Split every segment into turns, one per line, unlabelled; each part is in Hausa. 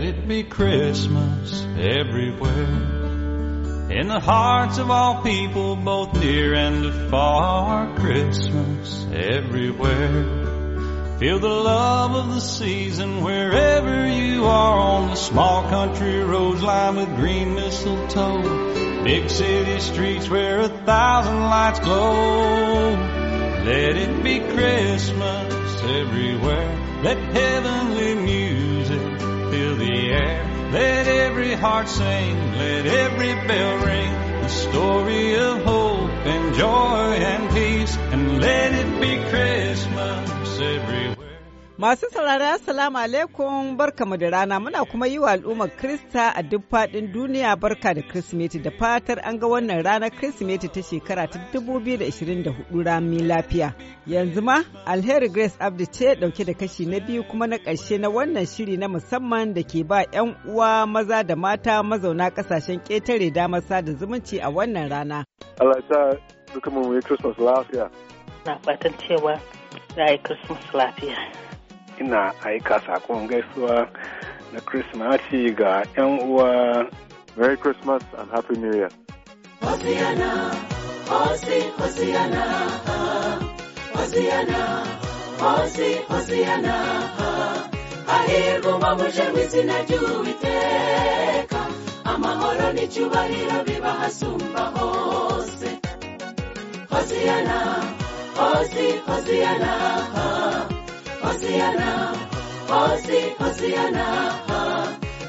Let it be Christmas everywhere. In the hearts of all people, both near and far, Christmas everywhere. Feel the love of the season wherever you are on the small country roads lined with green mistletoe. Big city streets where a thousand lights glow. Let it be Christmas everywhere. Let heavenly music fill the air. Let every heart sing, let every bell ring. The story of hope and joy and peace, and let it be Christmas everywhere.
Masu saurara Assalamu alaikum barkamu da rana muna kuma yi wa al'ummar Krista a duk faɗin duniya barka da Kirsimeti da fatar an ga wannan ranar Kirsimeti ta shekara ta 2024 rami lafiya. Yanzu ma Alheri Grace Abdi ce ɗauke da kashi na biyu kuma na ƙarshe na wannan shiri na musamman da ke ba 'yan uwa maza da mata mazauna ƙasashen ƙetare damar sada zumunci a wannan rana.
Allah ya sa mu yi Christmas lafiya. Na fatan cewa
za a yi Christmas lafiya.
ina aika sakon gaisuwa na Kirsimati ga 'yan uwa. Merry Christmas and Happy New Year.
Hosiana, Hosi, Hosiana, Hosiana, Hosi, Hosiana, hahirwa muje mu izina ry'Uwiteka, amahoro n'icyubahiro bibahasumba hose. Hosiana, Hosi, Hosiana, Hosiana, Hosiana, Hosi, Hosiana,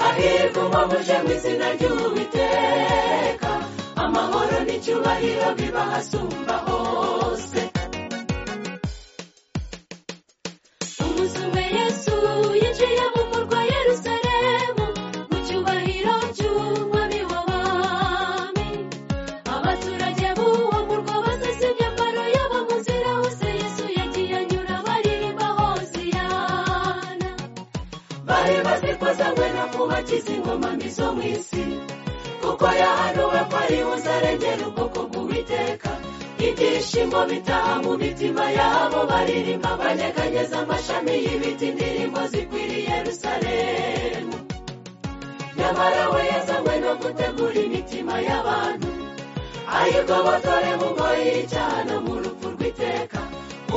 hahirwa uwo muje mu izina ry'uwiteka amahoro n'icyubahiro biba hasumba hose wakize ingoma mbi mu isi kuko yahanuwe ko ari buzarengera ubwoko bw'uwiteka ibyishimo bitaha mu mitima yabo baririmba banyeganyeza amashami y'ibiti indirimbo zikwiriye rusaremu nyamara we yazanywe no gutegura imitima y'abantu ayibwo batore mu ngoyi y'icyaha mu rupfu rw'iteka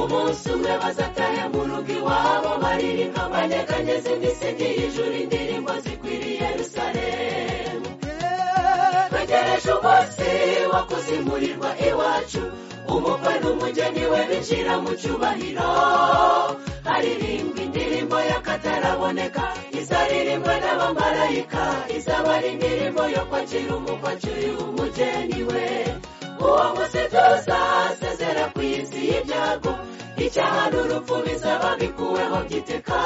umunsi umwe bazatahe mu rugo iwabo baririmba banyeganyeza imisigi y'ijuru indirimbo zikwiriye yerusalemu twegereje umunsi wo kuzimurirwa iwacu umukwe n'umugeni we binjira mu cyubahiro haririmbwa indirimbo y'akataraboneka izaririmbwa n'abamarayika izaba indirimbo yo kwakira umukwe akiri umugeni we uwo munsi byose aseze y'ibyago icyaha n'urupfu bizaba bikuweho giteka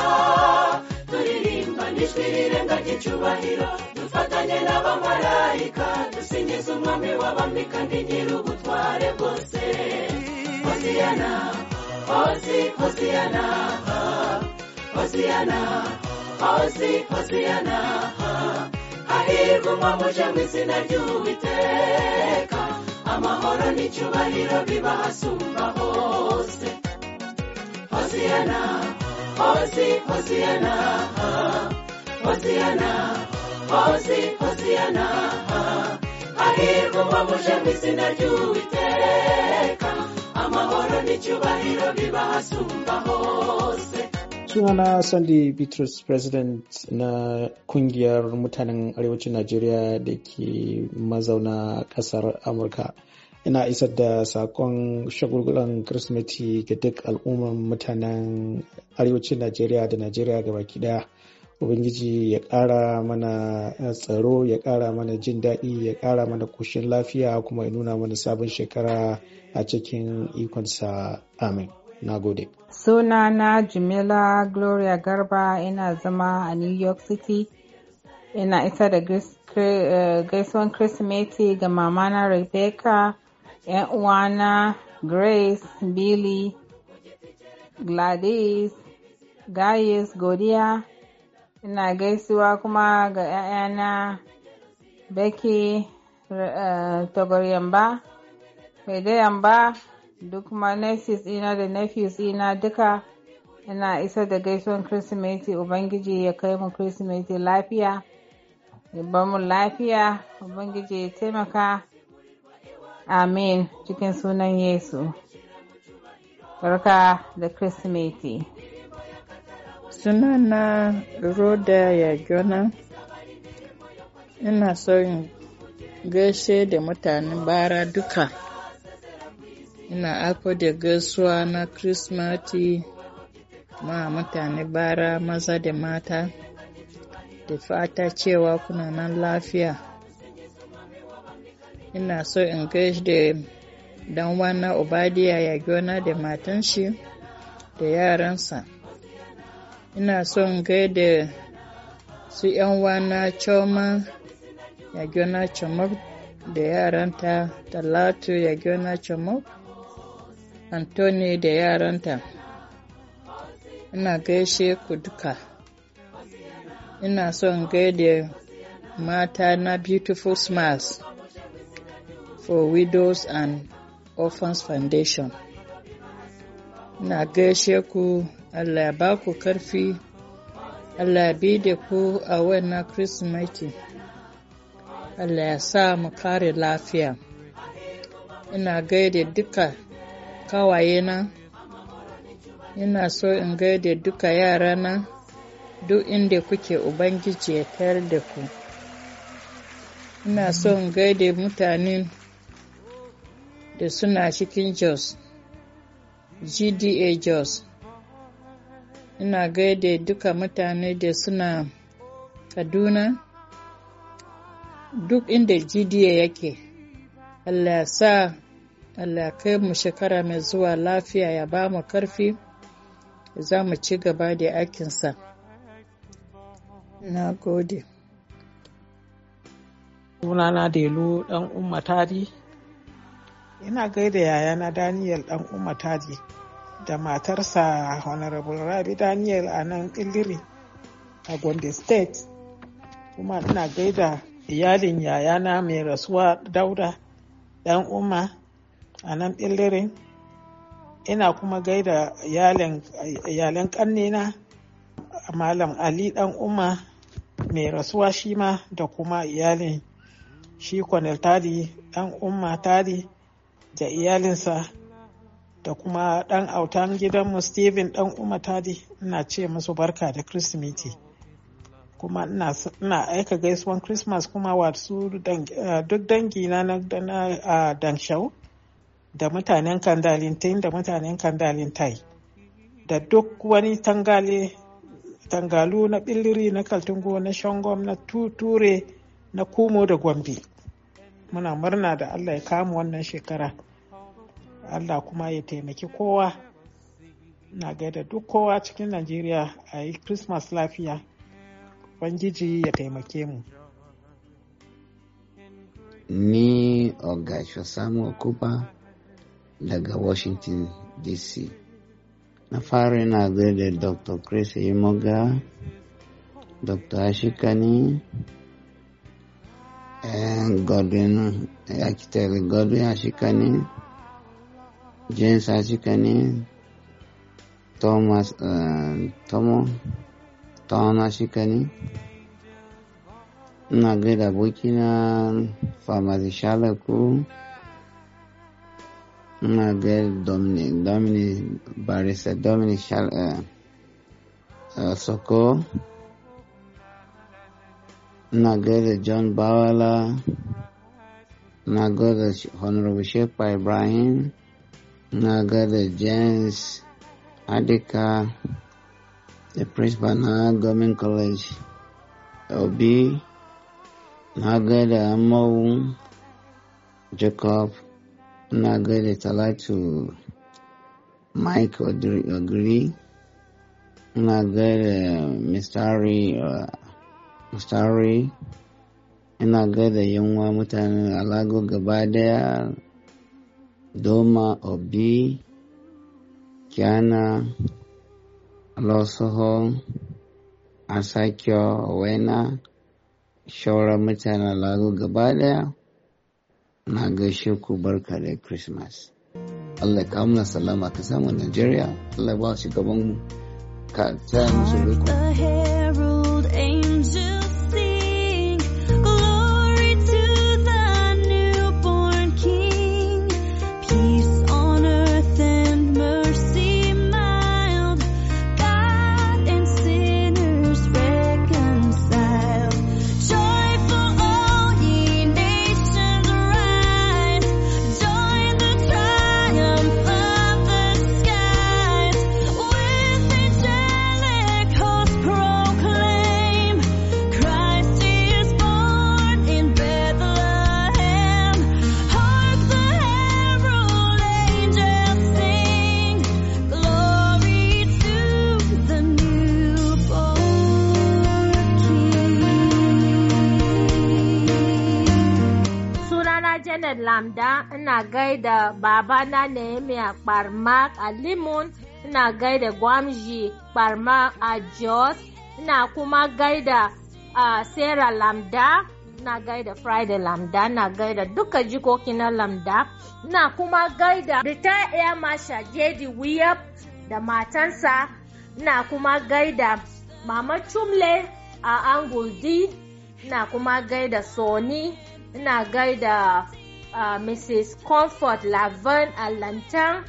turirimba n'ijwi rirenga ry'icyubahiro dufatanye n'abamarayika dusingiza umwami w'abami kandi nyir'ubutware bwose hoziyana hozi hoziyana hoziyana hozi hoziyana hahirwa umwe mu izina ry'uwiteka amahoro n'icyubahiro bibahasumba hose hosiyana hosi hosiyana hosiyana hosi hosiyana hahirwa uwabuje mu izina ry'uwiteka amahoro n'icyubahiro bibahasumba hose
sunana sandy bitrus president na kungiyar mutanen arewacin najeriya da ke mazauna kasar amurka ina isar da sakon shagulgulan kirsimeti ga duk al'umman mutanen arewacin najeriya da najeriya baki daya ubangiji ya ƙara mana tsaro ya ƙara mana jin daɗi ya ƙara mana koshin lafiya kuma ya nuna mana sabon shekara a cikin ikonsa amin Na gode.
Sunana Jimila Gloria Garba ina zama a New York City. Ina isa da eh, gaisuwan Kirsimeti ga mamana Rebecca, ‘yan uwana Grace, Billy, Gladys, Gaius, Godiya. Ina gaisuwa kuma ga ‘ya'yana Becky, uh, eh, Togoryamba, ba Duk ma nephews ina da nephews ina duka ina isa da gaisuwan kirsimeti ubangiji ya kai mu kirsimeti lafiya ya mu lafiya ubangiji ya taimaka amin cikin sunan yesu barka da kirsimeti na roda ya jona ina son gaishe da mutanen bara duka ina ako da gaisuwa na Kirsimati ma mutane bara maza da mata da fata cewa kuna nan lafiya. Ina so in gaishe da dan wana Obadiya ya gona da matan shi da yaransa. Ina so in gaida su ‘yan wana Choma ya gona Chomok da yaranta Talatu ya gona Chomok. Anthony da yaranta. Ina gaishe ku duka. Ina son gaida mata na Beautiful Smiles for Widows and Orphans Foundation. Ina gaishe ku Allah ya ba ku karfi, Allah ya bi da ku a wannan Kirsimeti. Allah ya sa mu kare lafiya. Ina gaida duka kawayena ina so in gaida duka yarana duk inda kuke ubangiji ya tayar da ku ina so in gaida mutanen da suna cikin jos gda jos ina gaida duka mutane da suna kaduna duk inda gda yake allah sa Allah ya kai mu shekara mai zuwa lafiya ya ba mu karfi za mu ci gaba da aikinsa. Na gode. Sunana Delu ɗan Umma
Ina gaida yayana Daniel ɗan Umma Tari da matarsa Honorable Rabi Daniel a nan Iliri a Gombe State. Kuma ina gaida iyalin yayana mai rasuwa Dauda ɗan Umma a nan ɓillirin ina kuma gaida iyalan ƙannena malam ali ɗan umma mai rasuwa shi ma da kuma iyalin shi kwanar tari ɗan umma tari da iyalinsa da kuma ɗan autan gidanmu steven ɗan umma tari ina ce musu barka da kirsimeti kuma ina aika gaisuwan christmas kuma wasu duk dangi na dan danshau da mutanen kandalintai da mutanen kandalintai da duk wani tangalu na billiri na kaltungo na shangom na tuture na kumo da gombe muna murna da allah ya kama wannan shekara allah kuma ya taimaki kowa na gaida duk kowa cikin najeriya a yi christmas lafiya bangiji ya taimake mu
ni ogasho samu daga Washington DC. Na fara yana gaida Dr. Chris Imoga, Dr. Ashikani, Godwin, architect Godwin Ashikani, James Ashikani, Thomas, uh, Tomo, Tom Ashikani, na gaida abokina Famasi Shalaku, Ma del Domini, Domini Barista, Domini Shal, uh, uh, Soko, Nagel John Bawala, Nagode Honorable Sheikh Ibrahim, Nagode James Adika, the Prince Naga Government College, Obi, Nagode Amowu, Jacob, ina gaida talatu mike ogiri ina gaida mistari uh, mistari ina gaida yunwa mutanen alago gaba daya doma obi kiana losoho asakio wena shauran mutanen alago gaba daya na gaishe ku barka da Christmas. Allah ya kawo salama ka samu Najeriya, Allah ya ba gaban mu ka ta musu riko.
gaida babana Nehemiah Barmak a Limon, ina gaida Gwamji Barmak a Jos, ina kuma gaida uh, Sarah Lamda, ina gaida Friday Lamda, ina gaida duka jikoki na Lamda, ina kuma gaida Rita Air Masha Jedi Wiyab da matansa, ina kuma gaida Mama Chumle a Angul D, ina kuma gaida soni ina gaida uh, ah, Mrs. Comfort Lavan Lantan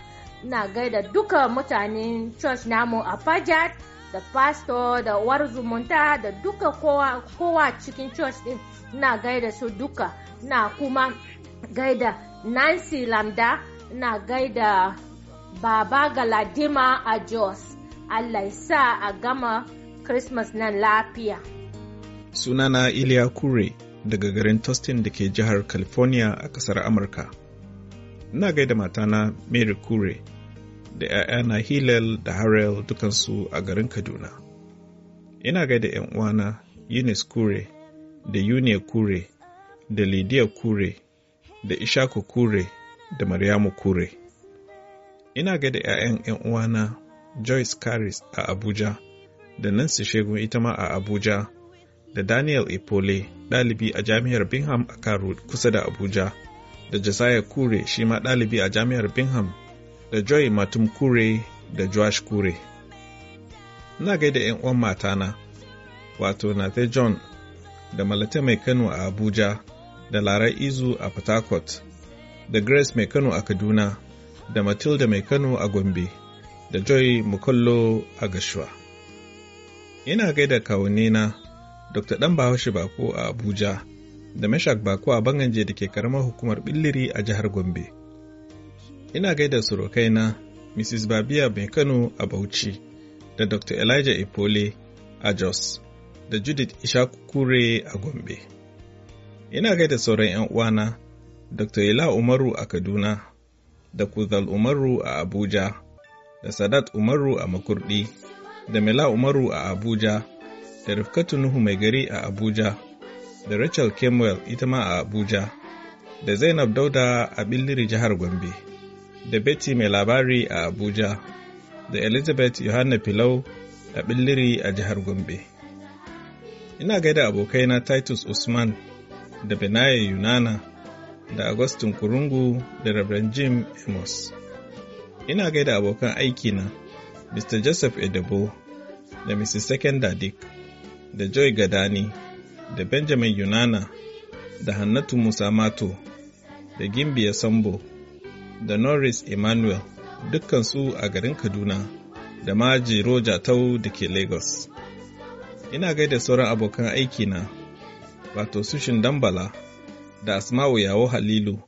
na gaida duka mutanen church namu a Fajat da pastor da uwar zumunta da duka kowa, cikin church din na gaida su duka na kuma gaida Nancy Lamda na gaida Baba Galadima a Jos. Allah sa a gama Christmas nan lafiya.
Sunana Iliya Kure. daga garin Tustin da ke jihar California a ƙasar Amurka. Ina gaida matana Mary Kure da 'ya'yana Hillel da Harrell dukansu a garin Kaduna. Ina gaida 'yan uwana Eunice Kure da Yunia Kure da Lidiya Kure da Ishaku Kure da Maryamu Kure. Ina gaida 'ya'yan 'yan uwana Joyce Karis a Abuja da Nancy Shegun ita ma a Abuja. da Daniel Ipole ɗalibi a jami'ar Bingham a Kano kusa da Abuja da Josiah Kure shi ma ɗalibi a jami'ar Bingham da Joy Matum Kure da Josh Kure. Ina gaida 'yan uwan matana wato Nathan John da Malate Mai Kano a Abuja da Larai Izu a Port Harcourt da Grace Mai Kano a Kaduna da Matilda Mai Kano a Gombe da Joy Mukollo a Gashua. Ina gaida kawunina dr dan bahaushe bako a abuja da meshak bako a banganje da ke karamar hukumar billiri a jihar gombe ina gaida surukaina mrs babia mai kano a bauchi da dr elijah ipole a jos da judith ishaku kure a gombe ina gaida sauran 'yan uwana dr ila umaru a kaduna da kuzal umaru a abuja da sadat umaru a makurdi da mila umaru a abuja da Rifkatu Nuhu mai gari a Abuja, da Rachel Kemwell ita ma a Abuja, da Zainab Dauda a Billiri jihar Gombe, da Betty mai labari a Abuja, da Elizabeth Yohanna Filau a Billiri a jihar Gombe. Ina gaida abokaina Titus Usman da Benaye Yunana da Agustin Kurungu da Reverend Jim Amos. Ina gaida abokan aikina Mr. Joseph Edebo da Mrs. Second Dick. da Joy Gadani, da Benjamin Yunana, da Hannatu Musa Mato, da Gimbiya Sambo, da Norris Emmanuel dukkansu a garin Kaduna, da Maji Roja Tau da ke Lagos. Ina gaida sauran abokan aikina, wato Sushin Dambala, da Asma'u Yawo Halilu,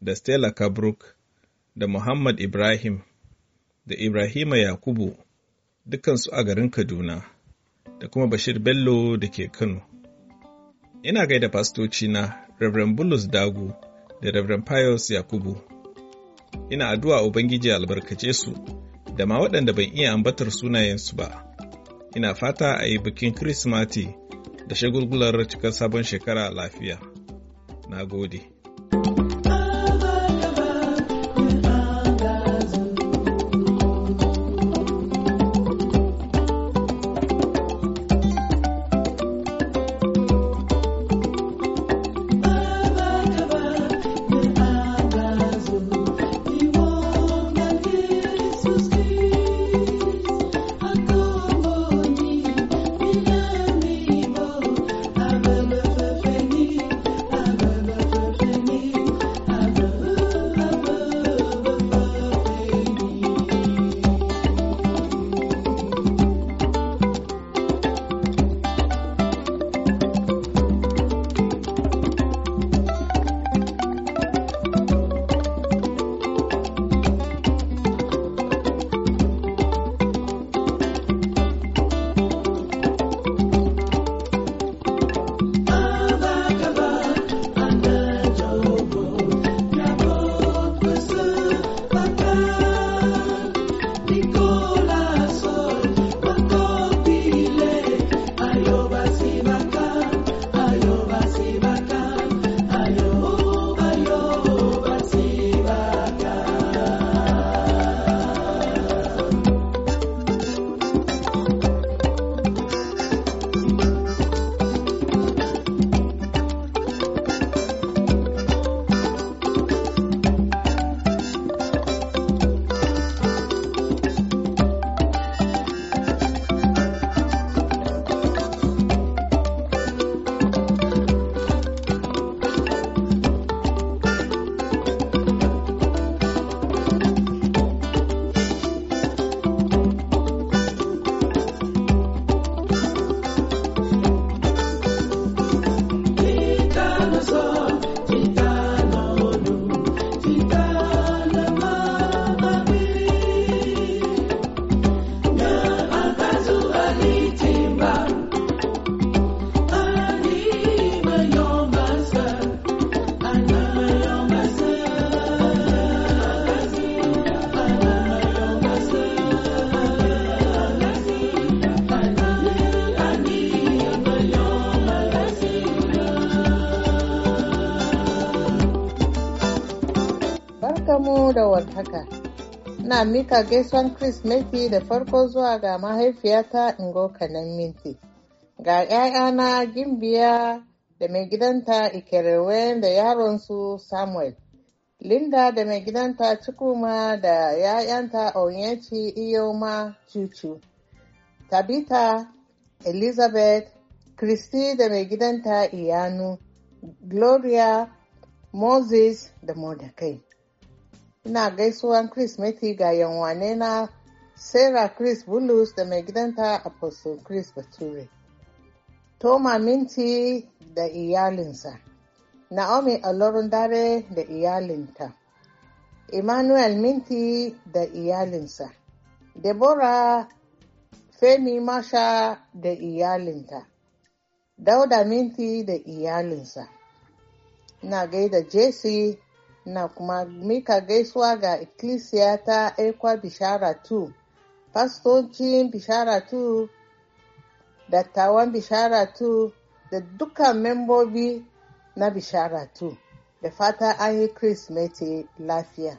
da Stella Kabruk, da Muhammad Ibrahim, da Ibrahima Yakubu, dukansu a garin Kaduna. da kuma Bashir Bello da ke Kano. Ina gaida fastoci na Reverend Bulus Dagu da Reverend Pius Yakubu. Ina addu'a Ubangiji albarkace su da ma waɗanda ban iya ambatar sunayensu ba. Ina fata a yi bikin Kirismati da shagulgular cikar sabon shekara lafiya. Na gode.
ina mika gaisuwan Kirsimeti da farko zuwa ga mahaifiyata Ingo Kanan Minti. Ga ‘ya'yana Gimbiya da mai gidanta Ikerewe da yaronsu Samuel. Linda da mai gidanta Cikuma da ‘ya'yanta Onyechi Iyoma Cucu. Tabita, Elizabeth, Christy da mai gidanta Iyanu, Gloria, Moses da Mordecai. Ina gaisuwan Kirsimeti ga yanwane na Sarah Chris Bulus da mai gidanta Apostle Chris Bature. Toma Minti da iyalinsa. Naomi Alorun Dare da iyalinta. Emmanuel Minti da iyalinsa. Deborah Femi Masha da iyalinta. Dauda Minti da iyalinsa. Na gaida Jesse na kuma mika gaisuwa ga ikkilisiya ta ekwa bishara 2 fastocin bishara 2 dattawan bishara 2 da dukkan membobi na bishara 2 da fata an yi kirsimeti lafiya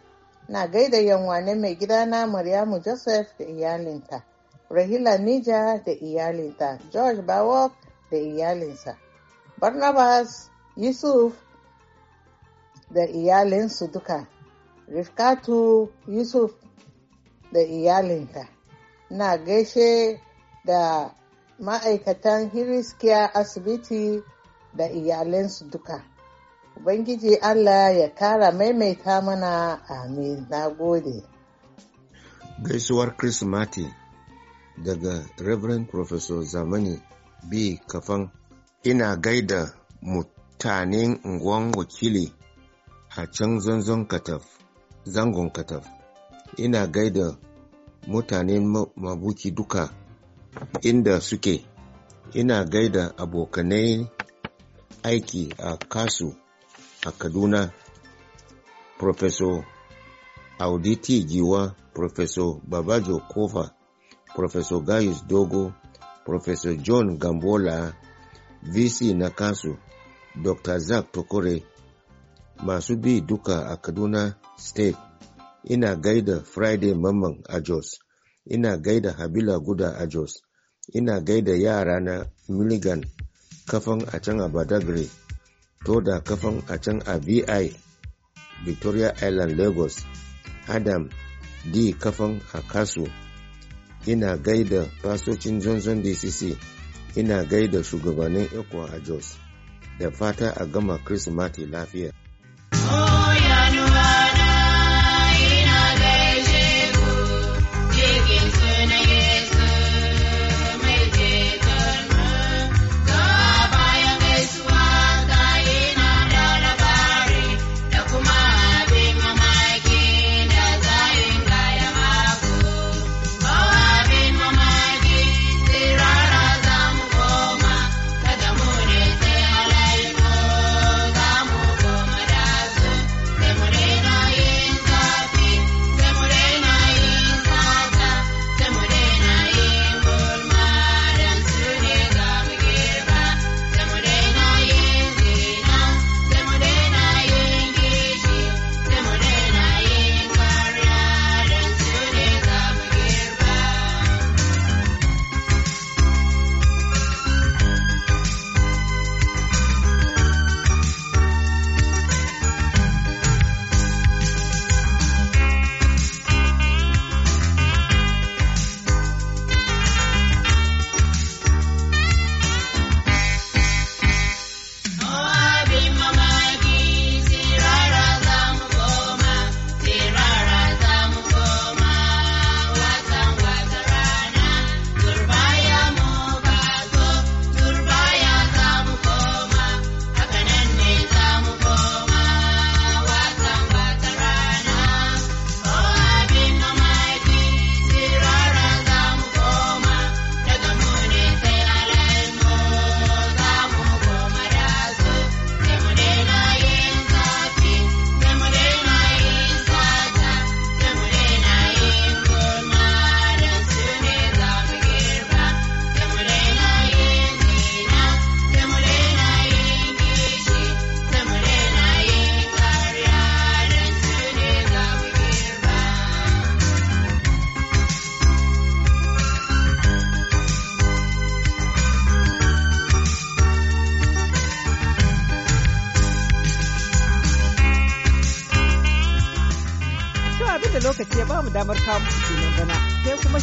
na gaida yanwane mai gidana maryamu joseph da iyalinta rahila nija da iyalinta george bawok da iyalinsa barnabas yusuf da iyalinsu duka rifkatu yusuf da iyalinta na gaishe da ma'aikatan hiriskiya asibiti da iyalinsu duka ubangiji allah ya kara maimaita mana amin na gode
gaisuwar kirsimati daga reverend professor zamani b kafan ina gaida mutanen unguwan wakili a can zanzon kataf zangon kataf ina gaida mutanen mabuki duka inda suke ina gaida abokanai aiki a kasu a kaduna professor auditi giwa professor babajo kofa professor gaius dogo professor john gambola vc na kasu dr zack tokore masu bi duka a Kaduna State. Ina gaida Friday Mamman a Jos. Ina gaida Habila Guda a Jos. Ina gaida yara na Milligan kafan a can a Badagry. Toda kafan a can a VI Victoria Island Lagos. Adam D kafan a Kasu. Ina gaida fasocin Johnson DCC. Ina gaida shugabannin Ekwa a Jos. Da fata a gama Kirsimati lafiya.
Oh.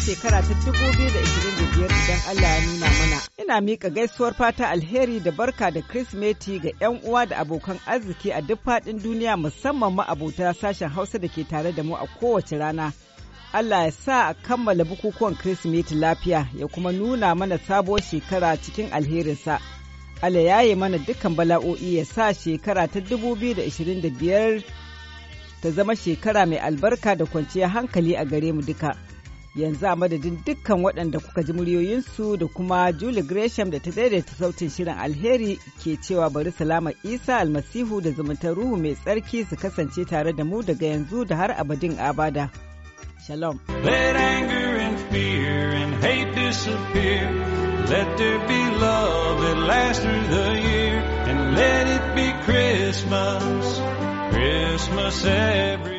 shekara ta 2025 idan Allah ya nuna mana. Ina mika gaisuwar fata alheri da barka da Kirsimeti ga 'yan uwa da abokan arziki a duk faɗin duniya musamman ma'abota sashen Hausa da ke tare da mu a kowace rana. Allah ya sa a kammala bukukuwan Kirsimeti lafiya ya kuma nuna mana sabuwar shekara cikin alherinsa. Allah ya yi mana dukkan bala'o'i ya sa shekara ta 2025 ta zama shekara mai albarka da kwanciyar hankali a gare mu duka. yanzu a madadin dukkan waɗanda kuka ji muryoyinsu da kuma Julie Gresham da ta daidaita sautin shirin alheri ke cewa bari salama Isa almasihu da zumuntar ruhu mai tsarki su kasance tare da mu daga yanzu da har abadin abada. Shalom.
Let Christmas, Christmas every